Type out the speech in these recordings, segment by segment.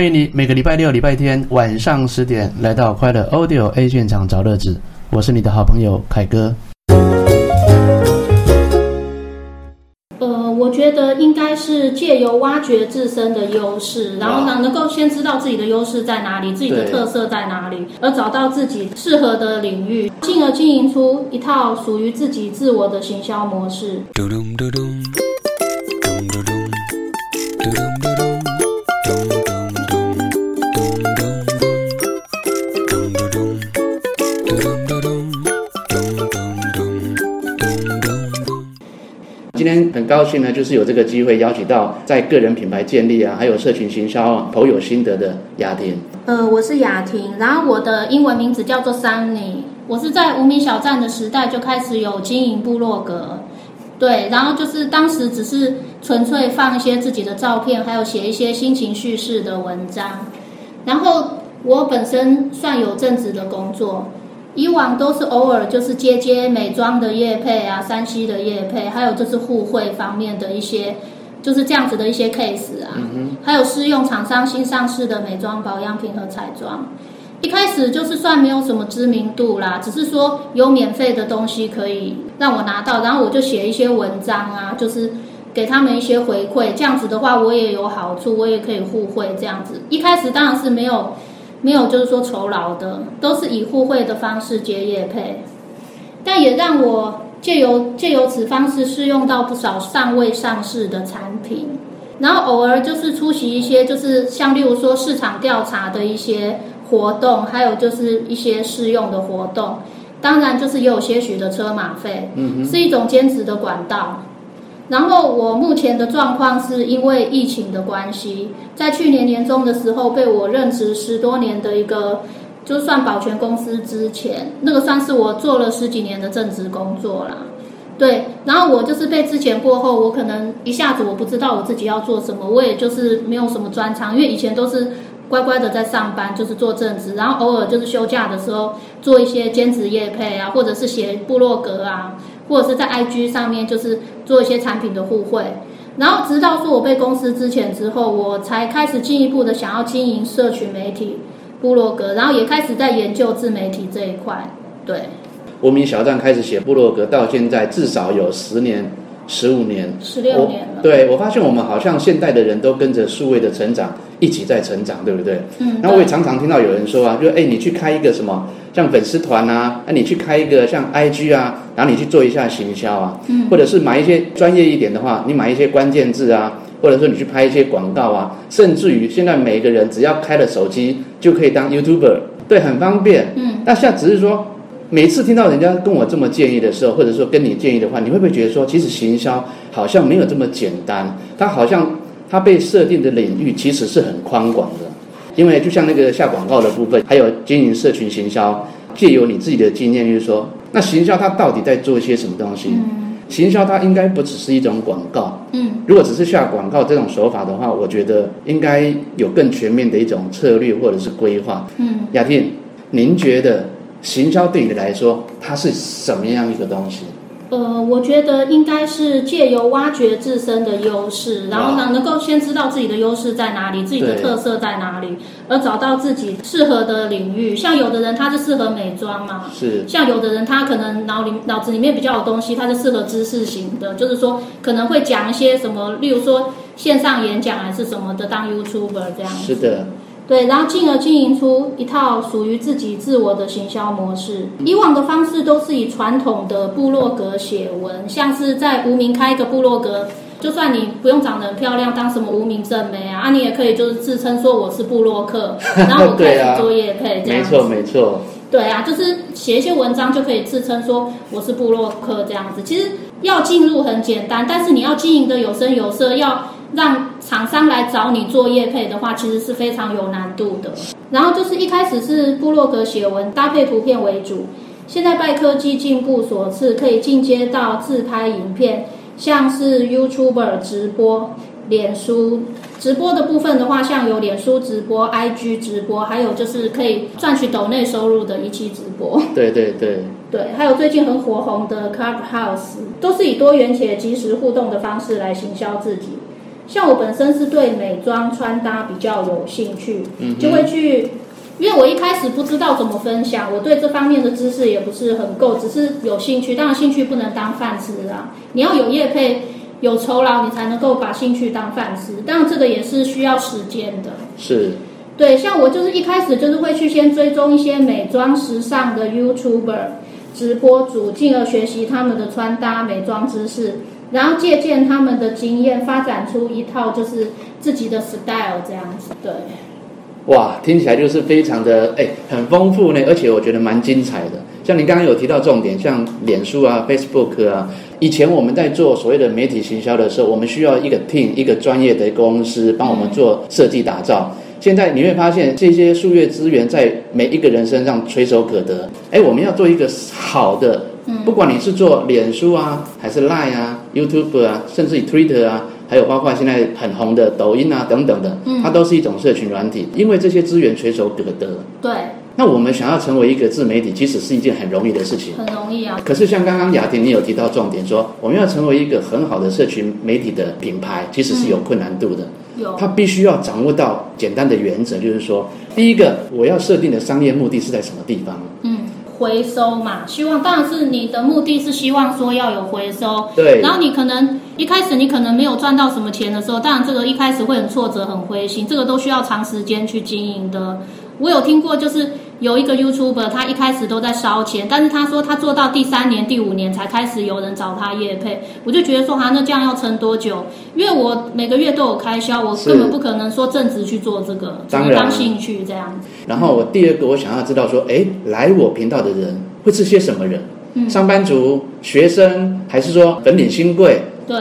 歡迎你每個禮拜六、禮拜天晚上十點來到快樂 Audio A 現場找樂子，我是你的好朋友凱哥。呃，我覺得應該是借由挖掘自身的優勢，然後呢，能夠先知道自己的優勢在哪裡，自己的特色在哪裡，而找到自己適合的領域，進而經營出一套屬於自己自我的行銷模式。噔噔噔噔很高興呢，就是有這個機會邀請到在個人品牌建立啊，還有社群行銷啊，頗有心得的雅婷。呃，我是雅婷，然後我的英文名字叫做 Sunny。我是在無名小站的時代就開始有經營部落格，對，然後就是當時只是純粹放一些自己的照片，還有寫一些心情敘事的文章。然後我本身算有正職的工作。以往都是偶爾就是接接美妝的業配啊，3C 的業配，還有就是互惠方面的一些就是這樣子的一些 case 啊，嗯、哼還有試用廠商新上市的美妝保養品和彩妝，一開始就是算沒有什麼知名度啦，只是說有免費的東西可以讓我拿到，然後我就寫一些文章啊，就是給他們一些回饋，這樣子的話我也有好處，我也可以互惠，這樣子一開始當然是沒有。沒有，就是說酬勞的，都是以互惠的方式接業配，但也讓我借由借由此方式試用到不少尚未上市的產品，然後偶爾就是出席一些就是像例如說市場調查的一些活動，還有就是一些試用的活動，當然就是也有些許的車馬費，嗯哼，是一種兼職的管道。然後我目前的狀況是因為疫情的關係，在去年年終的時候，被我任職十多年的一個，就算保全公司資遣，那個算是我做了十幾年的正職工作啦，對。然後我就是被資遣過後，我可能一下子我不知道我自己要做什麼，我也就是沒有什麼專長，因為以前都是乖乖的在上班，就是做正職，然後偶爾就是休假的時候做一些兼職業配啊，或者是寫部落格啊。或者是在 IG 上面，就是做一些產品的互惠，然後直到說我被公司資遣之後，我才開始進一步的想要經營社群媒體部落格，然後也開始在研究自媒體這一塊。對，無名小站開始寫部落格到現在至少有十年，十五年，十六年了。對，我發現我們好像現代的人都跟着數位的成長一起在成長，對不對？嗯。那我也常常聽到有人說啊，就誒，哎，你去開一個什麼，像粉絲團啊，那、啊、你去開一個像 IG 啊，然後你去做一下行銷啊，嗯，或者是買一些專業一點的話，你買一些關鍵字啊，或者說你去拍一些廣告啊，甚至於現在每個人只要開了手機就可以當 YouTuber，對，很方便。嗯。那現在只是說。每次聽到人家跟我這麼建議的時候，或者說跟你建議的話，你會不會覺得說，其實行銷好像沒有這麼簡單？它好像它被設定的領域其實是很寬廣的，因為就像那個下廣告的部分，還有經營社群行銷，借由你自己的經驗，就是說，那行銷它到底在做一些什麼東西？嗯，行銷它應該不只是一種廣告。嗯，如果只是下廣告這種手法的話，我覺得應該有更全面的一種策略或者是規劃。嗯，雅婷，您覺得？行銷對你來說，它是什麼樣一個東西？呃，我覺得應該是借由挖掘自身的優勢，然後呢，能夠先知道自己的優勢在哪裡，自己的特色在哪裡，啊、而找到自己適合的領域。像有的人，他是適合美妝嘛，是。像有的人，他可能腦裡腦子裡面比較有東西，他是適合知識型的，就是說可能會講一些什麼，例如說線上演講還是什麼的，當 YouTuber 這樣子。是的。對，然後進而經營出一套屬於自己自我的行銷模式。以往的方式都是以傳統的部落格寫文，像是在無名開一個部落格，就算你不用長得很漂亮，當什麼無名正妹啊，啊你也可以就是自稱說我是部落客， 啊、然後我開始作業配，配這樣子。沒錯沒錯。沒錯對啊，就是寫一些文章就可以自稱說我是部落客這樣子。其實要進入很簡單，但是你要經營得有聲有色要，讓廠商來找你做業配的話，其實是非常有難度的。然後就是一開始是部落格寫文搭配圖片為主，現在拜科技進步所賜，可以進階到自拍影片，像是 YouTuber 直播、臉書直播的部分的話，像有臉書直播、IG 直播，還有就是可以賺取斗內收入的一期直播。對對對，對，還有最近很火紅的 Clubhouse，都是以多元且即時互動的方式來行銷自己。像我本身是對美妝穿搭比較有興趣，嗯、哼就會去，因為我一開始不知道怎麼分享，我對這方面的知識也不是很夠，只是有興趣。當然，興趣不能當飯吃啊，你要有業配、有酬勞，你才能夠把興趣當飯吃。當然，這個也是需要時間的。是，對，像我就是一開始就是會去先追蹤一些美妝時尚的 YouTuber、直播主，進而學習他們的穿搭、美妝知識。然後借鑑他們的經驗，發展出一套就是自己的 style 這樣子。對，哇，聽起來就是非常的哎、欸，很豐富呢，而且我覺得蠻精彩的。像你剛剛有提到重點，像臉書啊、Facebook 啊，以前我們在做所謂的媒體行銷的時候，我們需要一個 team，一個專業的公司幫我們做設計打造。嗯、現在你會發現，這些數位資源在每一個人身上垂手可得。哎、欸，我們要做一個好的，不管你是做臉書啊，還是 Line 啊。YouTube 啊，甚至於 Twitter 啊，還有包括現在很紅的抖音啊等等的，嗯、它都是一種社群軟體。因為這些資源垂手可得。對。那我們想要成為一個自媒體，其實是一件很容易的事情。很容易啊。可是像剛剛雅婷你有提到重點說，說我們要成為一個很好的社群媒體的品牌，其實是有困難度的。嗯、有。它必須要掌握到簡單的原則，就是說，第一個，我要設定的商業目的是在什麼地方？嗯。回收嘛，希望當然是你的目的是希望說要有回收，對。然後你可能一開始你可能沒有賺到什麼錢的時候，當然這個一開始會很挫折，很灰心，這個都需要長時間去經營的。我有聽過就是。有一個 YouTuber，他一開始都在燒錢，但是他說他做到第三年、第五年才開始有人找他業配，我就覺得說，哈、啊，那這樣要撐多久？因為我每個月都有開銷，我根本不可能說正職去做這個，是當興趣當然這樣子。然後我第二個，我想要知道說，哎，來我頻道的人會是些什麼人？嗯、上班族、學生，還是說粉領新貴？對。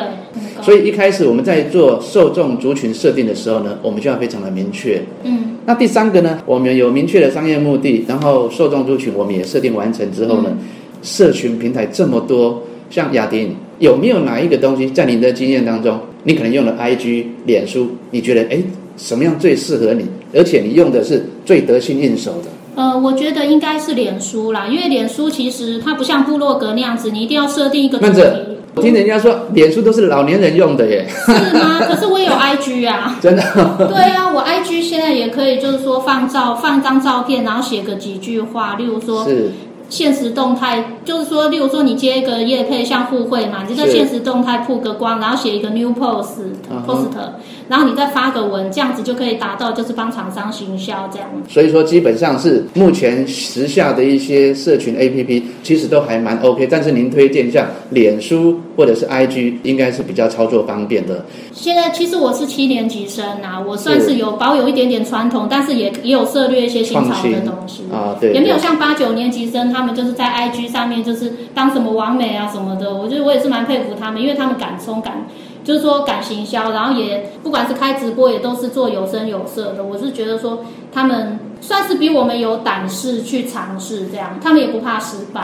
所以一開始我們在做受眾族群設定的時候呢，我們就要非常的明確。嗯。那第三個呢？我們有明確的商業目的，然後受眾族群我們也設定完成之後呢，嗯、社群平台這麼多，像雅婷有沒有哪一個東西在您的經驗當中，你可能用了 IG、臉書，你覺得哎，什麼樣最適合你，而且你用的是最得心應手的？呃，我覺得應該是臉書啦，因為臉書其實它不像部落格那樣子，你一定要設定一個我聽人家說，臉書都是老年人用的耶。是嗎？可是我有 IG 啊。 真的。對啊，我 IG 現在也可以，就是說放照，放張照片，然後寫個幾句話，例如說，限時是動態。就是說，例如說你接一個業配，像互惠嘛，你在現實動態曝個光，是然後寫一個 new post post，、uh huh、然後你再發個文，這樣子就可以達到，就是幫廠商行銷這樣。所以說，基本上是目前時下的一些社群 A P P，其實都還蠻 O K，但是您推薦一下臉書或者是 I G，應該是比較操作方便的。現在其實我是七年級生啊，我算是有保有一點點傳統，是但是也也有涉獵一些新潮的東西。啊，對。也沒有像八九年級生他們就是在 I G 上面。就是當什麼網美啊什麼的，我覺得我也是蠻佩服他們，因為他們敢衝敢，就是說敢行銷，然後也不管是開直播也都是做有聲有色的。我是覺得說他們算是比我們有膽識去嘗試這樣，他們也不怕失敗，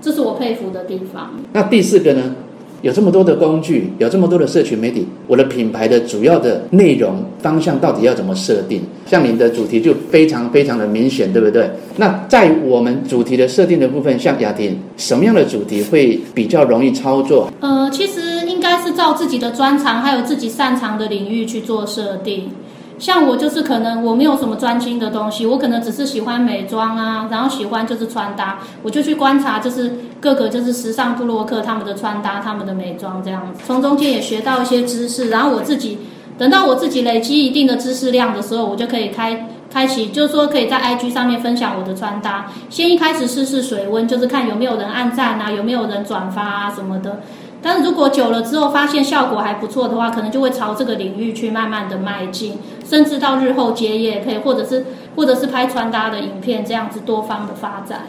這是我佩服的地方。那第四個呢？有這麼多的工具，有這麼多的社群媒體，我的品牌的主要的內容方向到底要怎麼設定？像你的主題就非常非常的明顯，對不對？那在我們主題的設定的部分，像雅婷，什麼樣的主題會比較容易操作？呃，其實應該是照自己的專長，還有自己擅長的領域去做設定。像我就是可能我沒有什麼專精的東西，我可能只是喜歡美妝啊，然後喜歡就是穿搭，我就去觀察就是各個就是時尚部落客他們的穿搭，他們的美妝這樣子，從中間也學到一些知識，然後我自己等到我自己累積一定的知識量的時候，我就可以開開啟，就是說可以在 IG 上面分享我的穿搭，先一開始試試水溫，就是看有沒有人按讚啊，有沒有人轉發啊什麼的，但是如果久了之後發現效果還不錯的話，可能就會朝這個領域去慢慢的邁進。甚至到日後接業配，或者是或者是拍穿搭的影片，這樣子多方的發展。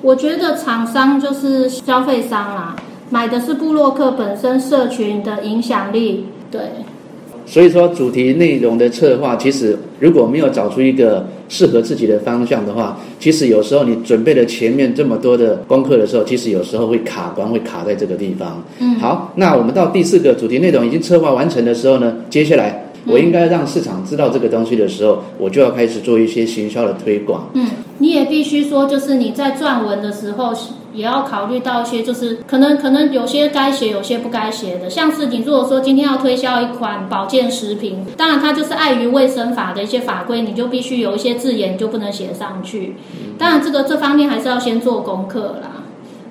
我覺得廠商就是消費商啊，買的是部落客本身社群的影響力。對，所以說主題內容的策劃，其實如果沒有找出一個適合自己的方向的話，其實有時候你準備了前面這麼多的功課的時候，其實有時候會卡關，會卡在這個地方。嗯，好，那我們到第四個主題內容已經策劃完成的時候呢，接下來。我應該讓市場知道這個東西的時候，我就要開始做一些行銷的推廣。嗯，你也必須說，就是你在撰文的時候，也要考慮到一些，就是可能可能有些該寫，有些不該寫的。像是你如果說今天要推銷一款保健食品，當然它就是礙於衛生法的一些法規，你就必須有一些字眼你就不能寫上去。當然，這個這方面還是要先做功課啦。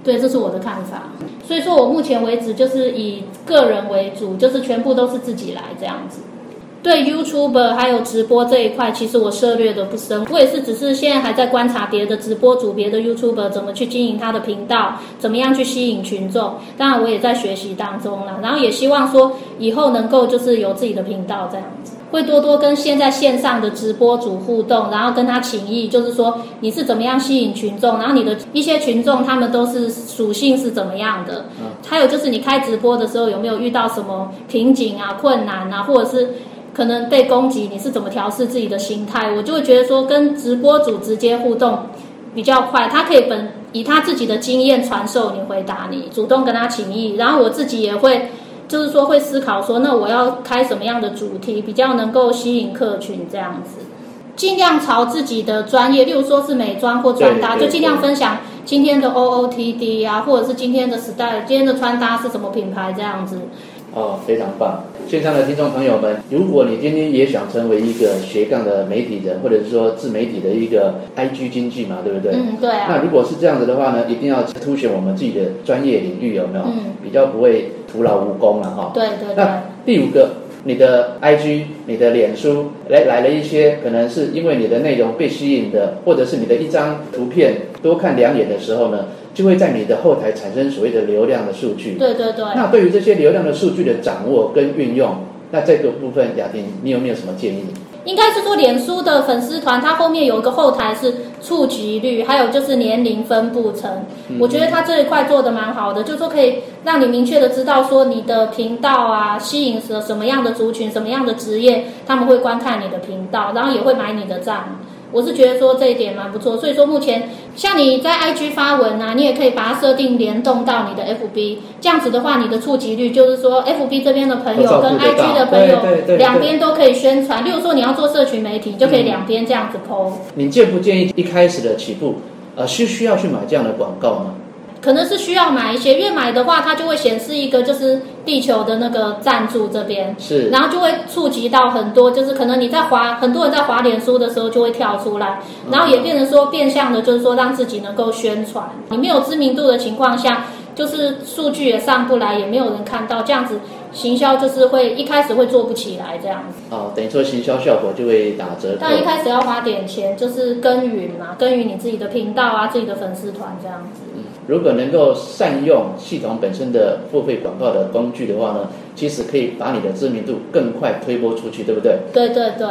對，這是我的看法。所以說我目前為止就是以個人為主，就是全部都是自己來這樣子。對 YouTuber 還有直播這一塊，其實我涉獵的不深，我也是只是現在還在觀察別的直播主、別的 YouTuber 怎麼去經營他的頻道，怎麼樣去吸引群眾。當然，我也在學習當中了，然後也希望說以後能夠就是有自己的頻道這樣子，會多多跟現在線上的直播主互動，然後跟他請教，就是說，你是怎麼樣吸引群眾，然後你的一些群眾他們都是屬性是怎麼樣的？嗯，還有就是你開直播的時候有沒有遇到什麼瓶頸啊、困難啊，或者是？可能被攻擊，你是怎麼調適自己的心態？我就會覺得說，跟直播主直接互動比較快，他可以本以他自己的經驗傳授你，回答你，主動跟他請益。然後我自己也會就是說會思考說，那我要開什麼樣的主題比較能夠吸引客群這樣子，盡量朝自己的專業，例如說是美妝或穿搭，就盡量分享今天的 OOTD 啊，或者是今天的 Style，今天的穿搭是什麼品牌這樣子。哦，非常棒！線上的聽眾朋友們，如果你今天也想成為一個斜槓的媒體人，或者是說自媒體的一個 IG 經濟嘛，對不對？嗯，對啊。那如果是這樣子的話呢，一定要凸顯我們自己的專業領域，有沒有？嗯。比較不會徒勞無功了、啊、哈。哦、對，對對。那第五個，你的 IG、你的臉書來來了一些，可能是因為你的內容被吸引的，或者是你的一張圖片多看兩眼的時候呢？就會在你的後台產生所謂的流量的數據。對對對。那對於這些流量的數據的掌握跟運用，那這個部分雅婷，你有沒有什麼建議？應該是說，臉書的粉絲團，它後面有一個後台是觸及率，還有就是年齡分布層。嗯，我覺得它這一塊做得蠻好的，就是說可以讓你明確的知道說你的頻道啊，吸引什什麼樣的族群，什麼樣的職業，他們會觀看你的頻道，然後也會買你的賬。我是覺得說，這一點蠻不錯，所以說目前像你在 IG 發文啊，你也可以把它設定聯動到你的 FB，這樣子的話，你的觸及率就是說 FB 這邊的朋友跟 IG 的朋友兩邊都，都可以宣傳。例如說你要做社群媒體，對對對對，就可以兩邊這樣子 PO。你建不建議一開始的起步，呃，需需要去買這樣的廣告嗎？可能是需要買一些，因為買的話，它就會顯示一個就是地球的那個贊助這邊，是，然後就會觸及到很多，就是可能你在滑，很多人在滑臉書的時候就會跳出來，然後也變成說變相的，就是說讓自己能夠宣傳。嗯、你沒有知名度的情況下，就是數據也上不來，也沒有人看到，這樣子。行銷就是會一開始會做不起來這樣子，哦，等於說行銷效果就會打折。但一開始要花點錢，就是耕耘嘛，耕耘你自己的頻道啊，自己的粉絲團這樣子。嗯，如果能夠善用系統本身的付費廣告的工具的話呢，其實可以把你的知名度更快推播出去，對不對？對對對。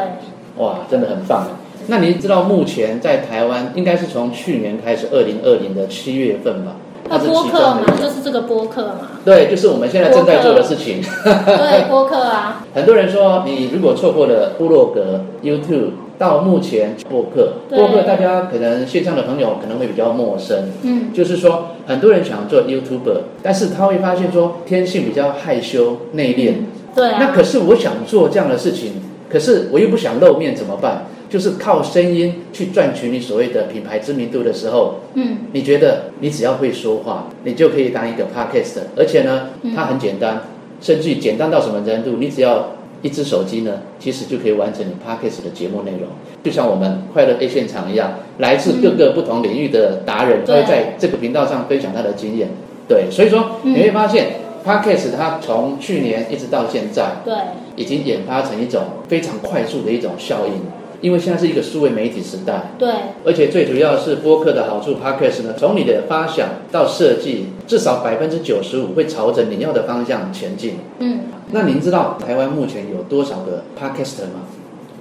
哇，真的很棒啊！那你知道目前在台灣，應該是從去年開始，二零二零的七月份吧？那播客嘛，是就是這個播客嘛。對，就是我們現在正在做的事情。播對，播客啊。 很多人說，你如果錯過了部落格、YouTube，到目前播客，播對客，大家可能線上的朋友可能會比較陌生。嗯。就是說，很多人想要做 YouTuber，但是他會發現說，天性比較害羞內斂、嗯。對、啊。那可是我想做這樣的事情，可是我又不想露面，怎麼辦？就是靠聲音去賺取你所謂的品牌知名度的時候，嗯，你覺得你只要會說話，你就可以當一個 podcast，而且呢，嗯、它很簡單，甚至於簡單到什麼程度？你只要一支手機呢，其實就可以完成你 podcast 的節目內容，就像我們快樂 A 現場一樣，來自各個不同領域的達人、嗯、都會在這個頻道上分享他的經驗。對,對，所以說、嗯、你會發現 podcast 它從去年一直到現在，嗯、對，已經研發成一種非常快速的一種效應。因為現在是一個數位媒體時代，對，而且最主要是播客的好處，podcast 呢，從你的發想到設計，至少百分之九十五會朝着你要的方向前進。嗯，那您知道台灣目前有多少個 podcaster 嗎？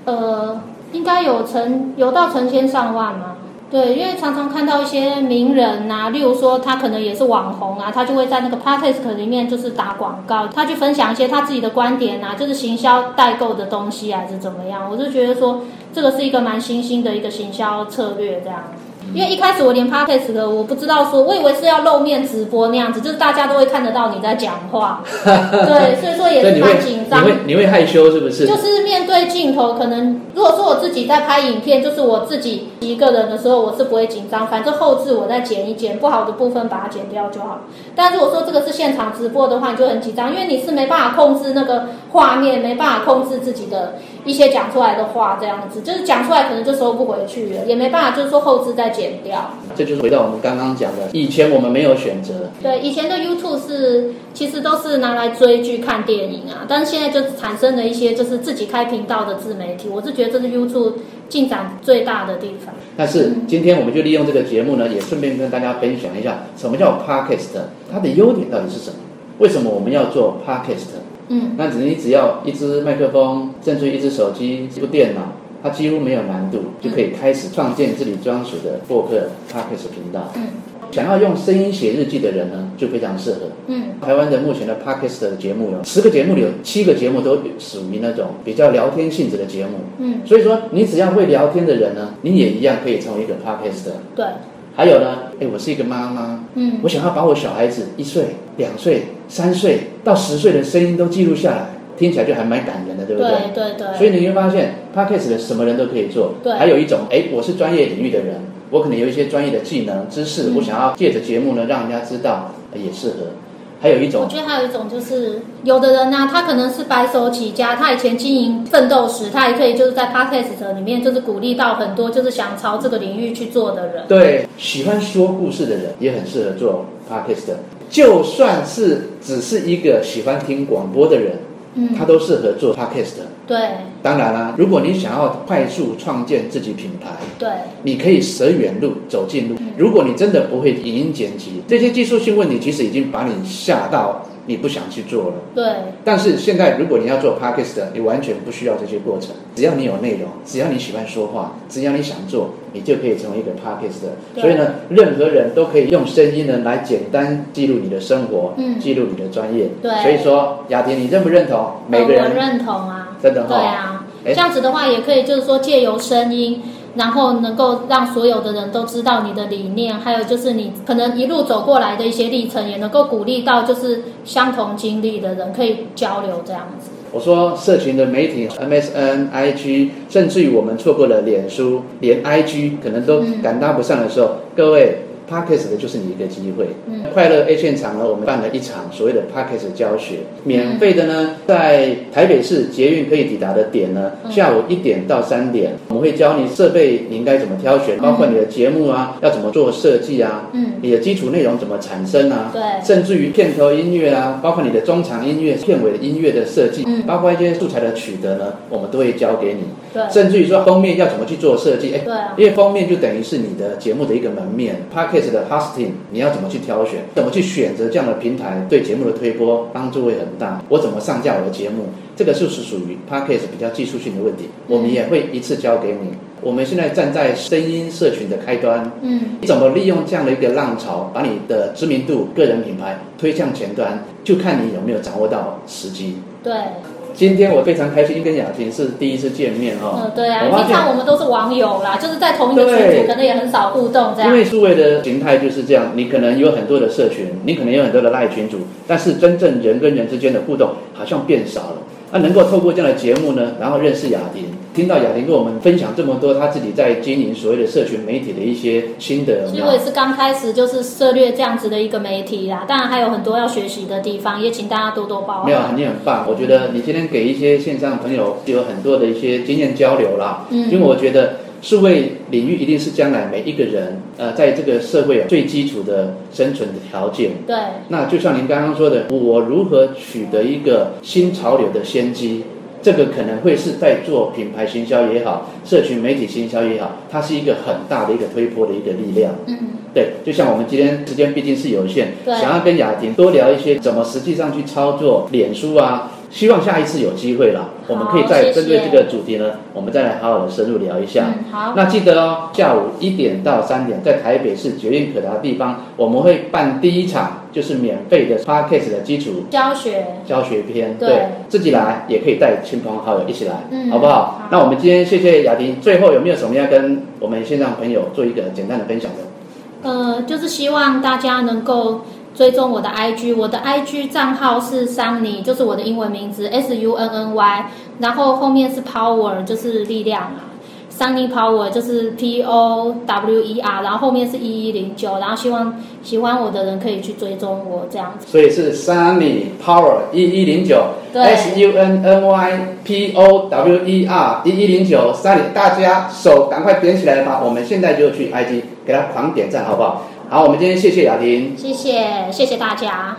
呃，應該有成有到成千上萬嗎？對，因為常常看到一些名人啊，例如說他可能也是網紅啊，他就會在那個 podcast 裡面就是打廣告，他去分享一些他自己的觀點啊，就是行銷代購的東西啊，還是怎麼樣，我就覺得說，這個是一個蠻新興的一個行銷策略這樣。嗯、因為一開始我連 podcast 的我不知道說，說我以為是要露面直播那樣子，就是大家都會看得到你在講話， 對，所以說也很緊張。你會你,會你會害羞是不是？就是面對鏡頭，可能如果說我自己在拍影片，就是我自己一個人的時候，我是不會緊張，反正後製我再剪一剪，不好的部分把它剪掉就好。但如果說這個是現場直播的話，你就很緊張，因為你是沒辦法控制那個畫面，沒辦法控制自己的。一些講出來的話，這樣子就是講出來，可能就收不回去了，也沒辦法，就是說後製再剪掉。這就是回到我們剛剛講的，以前我們沒有選擇。對，以前的 YouTube 是其實都是拿來追劇、看電影啊，但是現在就產生了一些就是自己開頻道的自媒體。我是覺得這是 YouTube 進展最大的地方。但是、嗯、今天我們就利用這個節目呢，也順便跟大家分享一下什麼叫 Podcast，它的優點到底是什麼？為什麼我們要做 Podcast？嗯，那只你只要一支麥克風，甚至一支手機、一部電腦，它幾乎沒有難度，嗯、就可以開始創建自己專屬的播客 Podcast、嗯、頻道。嗯，想要用聲音寫日記的人呢，就非常適合。嗯，台灣的目前的 Podcast 節目有十個節目裡有七個節目都屬於那種比較聊天性質的節目。嗯，所以說你只要會聊天的人呢，你也一樣可以成為一個 Podcast。對，還有呢，哎、欸，我是一個媽媽，嗯，我想要把我小孩子一歲、兩歲。三歲到十歲的聲音都記錄下來，聽起來就還蠻感人的，對不對？對對對。所以你會發現，嗯，Podcast 的什麼人都可以做。對。還有一種，哎，我是專業領域的人，我可能有一些專業的技能、知識，嗯，我想要借着節目呢，讓人家知道也適合。還有一種，我覺得還有一種就是，有的人呢，啊，他可能是白手起家，他以前經營奮鬥時，他也可以就是在 Podcast 裡面，就是鼓勵到很多就是想朝這個領域去做的人。對，喜歡說故事的人也很適合做 Podcast 的。就算是只是一個喜歡聽廣播的人，嗯，他都適合做 Podcast。對，當然啦、啊，如果你想要快速創建自己品牌，對，你可以舍遠路走近路。嗯、如果你真的不會影音剪輯這些技術性問題，其實已經把你嚇到。你不想去做了，對。但是現在，如果你要做 podcaster，你完全不需要這些過程，只要你有內容，只要你喜歡說話，只要你想做，你就可以成為一個 podcaster 對所以呢，任何人都可以用聲音呢來簡單記錄你的生活，嗯，記錄你的專業，對。所以說，雅婷，你認不認同？每個人我認同啊，真的，哦，對啊，這樣子的話也可以，就是說借由聲音。然後能夠讓所有的人都知道你的理念，還有就是你可能一路走過來的一些歷程，也能夠鼓勵到就是相同經歷的人可以交流這樣子。我說社群的媒體，MSN、MS N, IG，甚至於我們錯過了臉書，連 IG 可能都趕搭不上的時候，嗯、各位。p a c k e 的就是你一個機會。嗯，快樂 A 現場呢，我們辦了一場所謂的 p a c k e s 教學，免費的呢，嗯、在台北市捷運可以抵達的點呢，嗯、下午一點到三點，我們會教你設備你應該怎麼挑選，嗯、包括你的節目啊，要怎麼做設計啊，嗯，你的基礎內容怎麼產生啊，嗯、對，甚至於片頭音樂啊，包括你的中場音樂、片尾的音樂的設計，嗯，包括一些素材的取得呢，我們都會教給你，對，甚至於說封面要怎麼去做設計，哎，對、啊，因為封面就等於是你的節目的一個門面 p a k Podcast 的 hosting，你要怎麼去挑選？怎麼去選擇這樣的平台？對節目的推播幫助會很大。我怎麼上架我的節目？這個就是，是屬於 Podcast 比較技術性的問題。我們也會一次教給你。嗯、我們現在站在聲音社群的開端，嗯，你怎麼利用這樣的一個浪潮，把你的知名度、個人品牌推向前端？就看你有沒有掌握到時機。對。今天我非常開心，跟雅婷是第一次見面哈。嗯，對啊，平常我們都是網友啦，就是在同一個群組，可能也很少互動這樣。因為數位的形態就是這樣，你可能有很多的社群，你可能有很多的賴群組，但是真正人跟人之間的互動好像變少了。他能夠透過這樣的節目呢，然後認識雅婷，聽到雅婷跟我們分享這麼多，她自己在經營所謂的社群媒體的一些心得。其實我也是剛開始，就是涉獵這樣子的一個媒體啦，當然還有很多要學習的地方，也請大家多多包涵啊。沒有，你很棒，我覺得你今天給一些線上的朋友有很多的一些經驗交流啦，嗯，嗯，因為我覺得。數位領域，一定是將來每一個人，呃，在這個社會最基礎的生存的條件。對。那就像您剛剛說的，我如何取得一個新潮流的先機？這個可能會是在做品牌行銷也好，社群媒體行銷也好，它是一個很大的一個推波的一個力量。嗯。對，就像我們今天時間畢竟是有限，對想要跟雅婷多聊一些怎麼實際上去操作臉書啊？希望下一次有機會了。好我們可以再針對這個主題呢，謝謝我們再來好好的深入聊一下。嗯、好。那記得哦，下午一點到三點，在台北市捷運可達的地方，我們會辦第一場，就是免費的 Podcast 的基礎教學教學篇。對，對嗯、自己來也可以帶親朋好友一起來，嗯，好不好？好，那我們今天謝謝雅婷，最後有沒有什麼要跟我們線上朋友做一個簡單的分享的？呃，就是希望大家能夠。追蹤我的 IG，我的 IG 賬號是 Sunny，就是我的英文名字 S U N N Y，然後後面是 Power，就是力量 Sunny Power 就是 P O W E R，然後後面是一一零九，然後希望喜歡我的人可以去追蹤我這樣子。所以是 Sunny Power 一一零九，對，S U N N Y P O W E R 一一零九，Sunny，大家手趕快點起來吧，我們現在就去 IG 給他狂點讚，好不好？好，我們今天謝謝雅婷。謝謝，謝謝大家。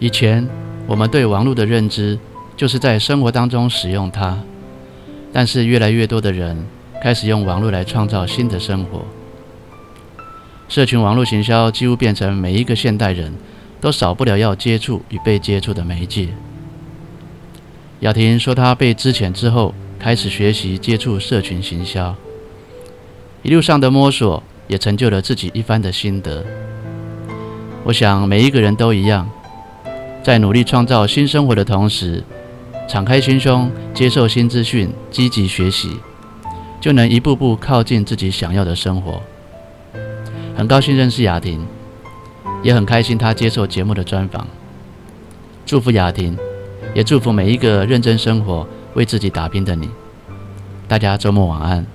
以前我們對網絡的認知，就是在生活當中使用它。但是越來越多的人開始用網絡來創造新的生活。社群網絡行銷幾乎變成每一個現代人都少不了要接觸與被接觸的媒介。雅婷說，她被資遣之後開始學習接觸社群行銷，一路上的摸索也成就了自己一番的心得。我想每一個人都一樣，在努力創造新生活的同時，敞開心胸，接受新資訊，積極學習，就能一步步靠近自己想要的生活。很高興認識雅婷，也很開心她接受節目的專訪。祝福雅婷，也祝福每一個認真生活、為自己打拼的你。大家周末晚安。